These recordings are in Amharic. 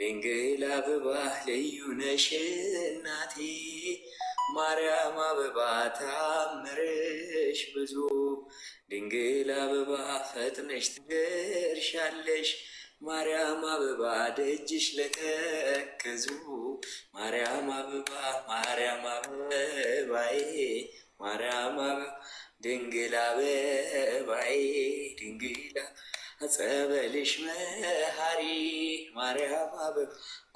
ድንግል አበባ ልዩ ነሽ እናቴ ማርያም አበባ ታምርሽ ብዙ ድንግል አበባ ፈጥነሽ ትደርሻለሽ ማርያም አበባ ደጅሽ ለተከዙ ማርያም አበባ ማርያም አበባዬ ማርያም አበባ ድንግል አበባዬ ድንግል ጸበልሽ መሃሪ ማርያም አበ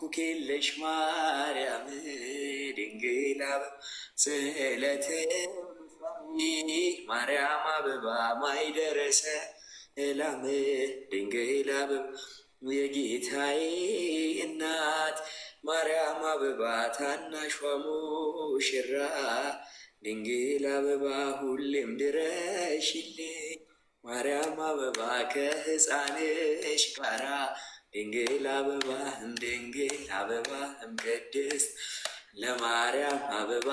ኩኬለሽ ማርያም ድንግል አበ ስዕለተ ማርያም አበባ ማይደረሰ ላም ድንግል አበብ የጌታዬ እናት ማርያም አበባ ታናሿ ሙሽራ ድንግል አበባ ሁሌም ድረሽልኝ ማርያም አበባ ከህፃንሽ ጋራ ድንግል አበባ እምድንግል አበባ እምቅድስት ለማርያም አበባ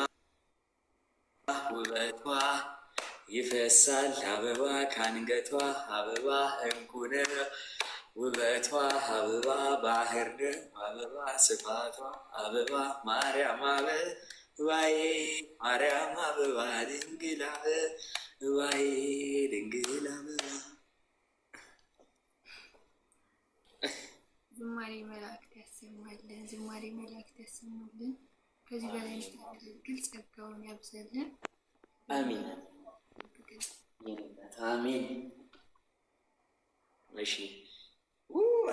ውበቷ ይፈሳል አበባ ካንገቷ አበባ እንኩነ ውበቷ አበባ ባህር አበባ ስፋቷ አበባ ማርያም አበ እባዬ ማርያም አበባ ድንግል አበ እባዬ ድንግል አበባ ዝማሬ መላእክት ያሰማልን። ዝማሬ መላእክት ያሰማልን። ከዚህ በላይ እንድታገለግል ጸጋውን ያብዛልን። አሚን አሚን። እሺ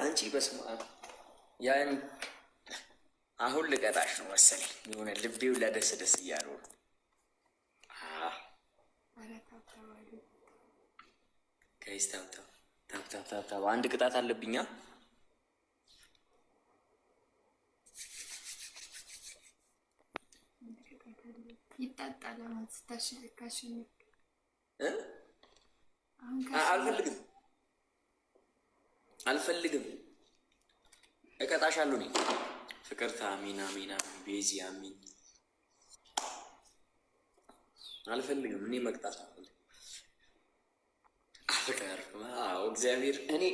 አንቺ በስመ አብ ያን አሁን ልቀጣሽ ነው መሰለኝ። የሆነ ልቤው ለደስ ደስ እያለው ነው። ከይስ ታብታብታብታብ አንድ ቅጣት አለብኛ። ይጣጣል አልፈልግም አልፈልግም እቀጣሻለሁ እኔ ፍቅርታ። አሚን አሚን አሚን። ቤዚ አሚን። አልፈልግም እኔ መቅጣት አልፈልግም። ፍቅር እግዚአብሔር እኔ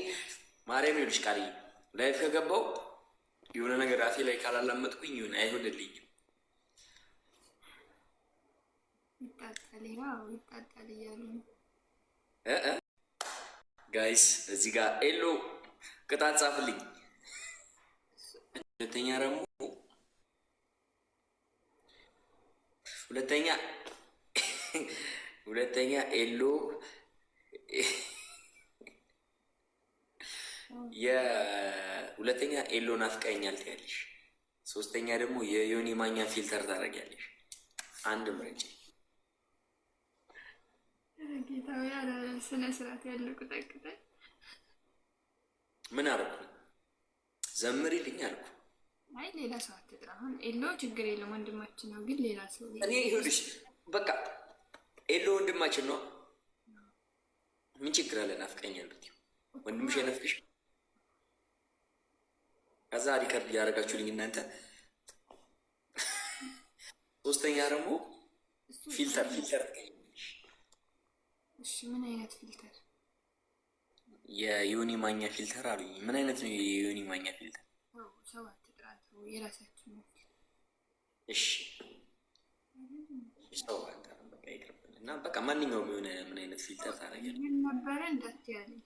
ማርያም ይኸውልሽ፣ ቃል ላይፍ ከገባው የሆነ ነገር አፌ ላይ ካላላመጥኩኝ ይሁን አይሆንልኝ ጋይስ እዚህ ጋር ኤሎ ቅጣት ጻፍልኝ። ሁለተኛ ደግሞ ሁለተኛ ሁለተኛ ኤሎ የሁለተኛ ኤሎ ናፍቀኛል ትያለሽ። ሶስተኛ ደግሞ የዮኒ ማኛ ፊልተር ታደርጊያለሽ። አንድ ምርጭ ጌታዊ ያለ ስነ ስርዓት ያለው ቁጠቅጠ ምን አልኩ? ዘምሪልኝ አልኩ። አይ ሌላ ሰው አትጥራ። አሁን ኤሎ ችግር የለም ወንድማችን ነው፣ ግን ሌላ ሰው እኔ በቃ ኤሎ ወንድማችን ነው። ምን ችግር አለ? ናፍቀኛል ብትይው ወንድምሽ ከዛ ሪከርድ እያደረጋችሁልኝ እናንተ። ሶስተኛ ደግሞ ፊልተር ፊልተር እሺ ምን አይነት ፊልተር? የዮኒ ማኛ ፊልተር አሉኝ። ምን አይነት ነው የዮኒ ማኛ ፊልተር? የራሳችን ነው። እሺ ሰው በቃ ይቅርብን እና በቃ ማንኛውም የሆነ ምን አይነት ፊልተር ነበረ እንዳትያለኝ።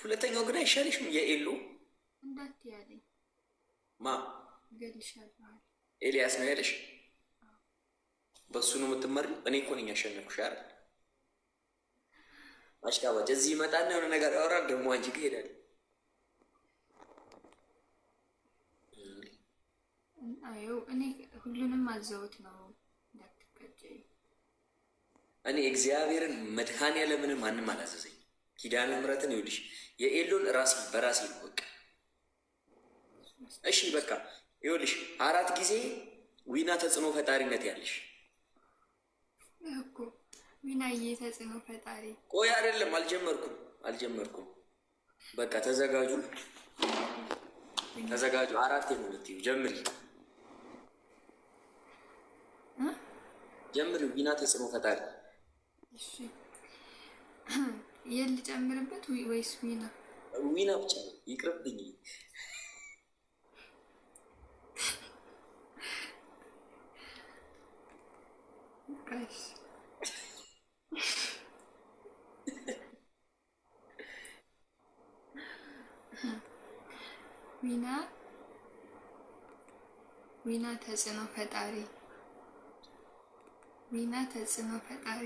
ሁለተኛው ግን አይሻልሽም? የኤሉ እንዳትያለኝ ማ ኤልያስ ነው ያለሽ። በእሱ ነው የምትመሪው። እኔ እኮ ነኝ ያሸነፍኩሽ አይደል? አሽቃባጭ እዚህ ይመጣና የሆነ ነገር ያወራል፣ ደግሞ አንቺ ጋር ይሄዳል። አይው እኔ ሁሉንም አዘውት ነው እንዳትቀጭ። እኔ እግዚአብሔርን መድኃኔዓለምንም ማንም አላዘዘኝ። ኪዳነ ምሕረትን ይውልሽ የኤሎን ራስ በራሴ ነው በቃ እሺ በቃ ይውልሽ። አራት ጊዜ ዊና ተጽዕኖ ፈጣሪነት ያለሽ እኮ ዊናዬ ተጽዕኖ ፈጣሪ ቆይ አይደለም አልጀመርኩም አልጀመርኩም በቃ ተዘጋጁ ተዘጋጁ አራት የሆነት ጀምሪ ጀምር ቢና ተጽዕኖ ፈጣሪ እሺ የት ልጨምርበት ወይስ ዊና ዊና ብቻ ይቅርብኝ ዊና ዊና ተጽዕኖ ፈጣሪ ሚና ተጽዕኖ ፈጣሪ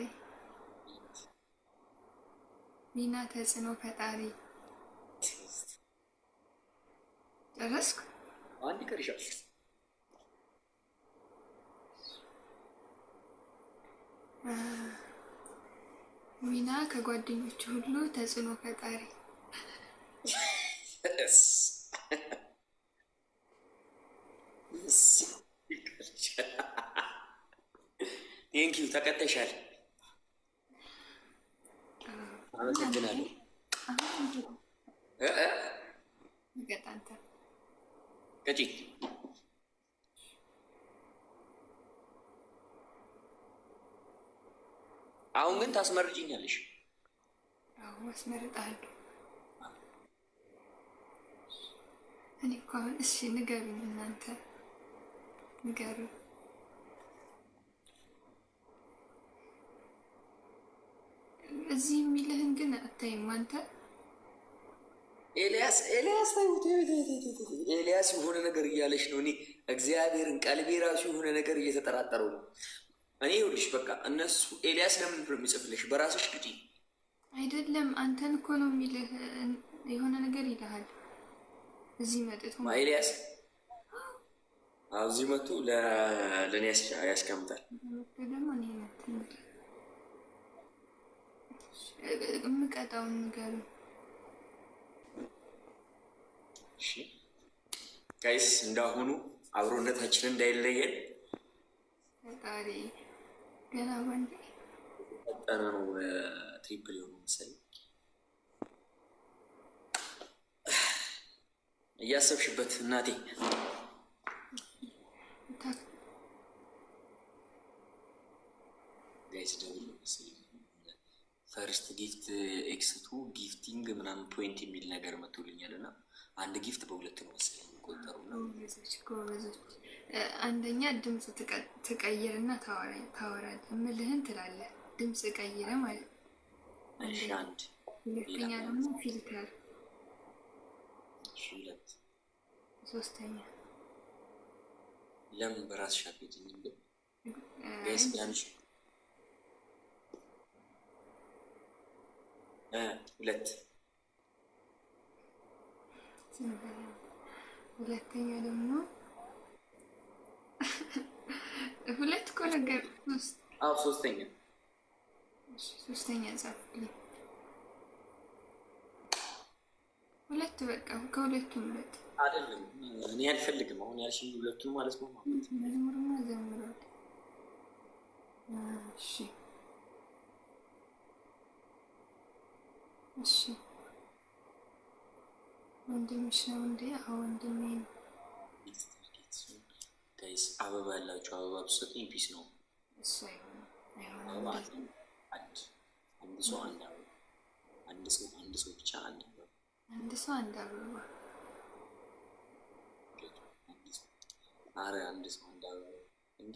ሚና ተጽዕኖ ፈጣሪ ጨረስኩ። አንድ ቀርሻል። ሚና ከጓደኞች ሁሉ ተጽዕኖ ፈጣሪ ቴንኪው ተቀጠሻል። አመሰግናለሁ። ቀጪ አሁን ግን ታስመርጭኛለሽ። አስመርጣለሁ። እኔ እኮ አሁን እሺ፣ ንገሩኝ እናንተ ንገሩኝ እዚህ የሚልህን ግን አታይም አንተ። ኤልያስ ኤልያስ ኤልያስ የሆነ ነገር እያለች ነው። እኔ እግዚአብሔርን ቀልቤ ራሱ የሆነ ነገር እየተጠራጠረው ነው። እኔ ይኸውልሽ በቃ እነሱ ኤልያስ ለምን ብሎ የሚጽፍልሽ በራስሽ ግጪ። አይደለም አንተን እኮ ነው የሚልህ የሆነ ነገር ይልሃል። እዚህ መጥቶ ኤልያስ እዚህ መጥቶ ለእኔ ያስቀምጣል ደግሞ የምቀጣውን ነገር ጋይስ እንዳሁኑ አብሮነታችን እንዳይለየን ፈጣሪ ገና ወንዴ ጠነ ነው ትሪፕል የሆነ መሰለኝ እያሰብሽበት እናቴ ፈርስት ጊፍት ኤክስቱ ጊፍቲንግ ምናምን ፖይንት የሚል ነገር መቶልኛል እና አንድ ጊፍት በሁለት ነው መሰለኝ የሚቆጠሩ አንደኛ ድምፅ ትቀይርና ታወራለህ ምልህን ትላለ ድምፅ ቀይረ ማለት አንድ ሁለተኛ ደግሞ ፊልተር ሁለት ሶስተኛ ለምን በራስ ሻፌትኝ ስ ሁለት ሁለተኛ ደግሞ ሁለት እኮ ነገር ሶስት አዎ ሶስተኛ ሶስተኛ ጻፍልኝ ሁለት በቃ ከሁለቱ ሁለት አይደለም እኔ አልፈልግም አሁን ያልሽኝ ሁለቱን ማለት ነው ማለት ዘምሯል እሺ እሺ ወንድምሽ ነው እንዴ? አዎ ወንድሜ ነው። ጋይስ አበባ ያላችሁ አበባ ብትሰጡኝ ፒስ ነው። እሱ አንድ ሰው አንድ አበባ አንድ ሰው አንድ ሰው ብቻ አንድ አንድ ሰው አንድ አበባ አረ አንድ ሰው አንድ አበባ እንዴ!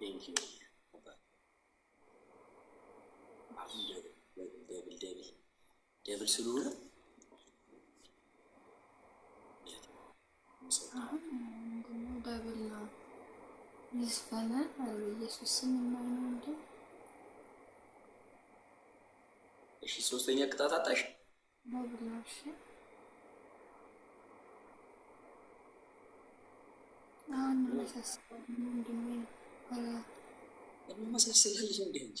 ቴንኪው አሁን ደብል ደብል ደብል ስለሆነ ደብል ነው። ይዝፈናል ኢየሱስ የማይነው እንደ እሺ፣ ሶስተኛ ቅጣት አጣሽ። ደብል ነው። እሺ አሁን መሳሰል ምንድን ነው? መሳሰል ልጅ እንዲህ እንጂ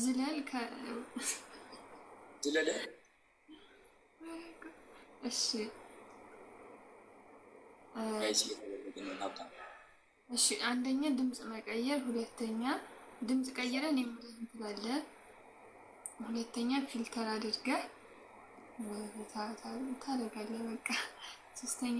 ዝለል ዝለለ እሺ እሺ አንደኛ ድምፅ መቀየር፣ ሁለተኛ ድምፅ ቀይረን የምልህ ትላለህ። ሁለተኛ ፊልተር አድርገህ ታደርጋለህ። በቃ ሶስተኛ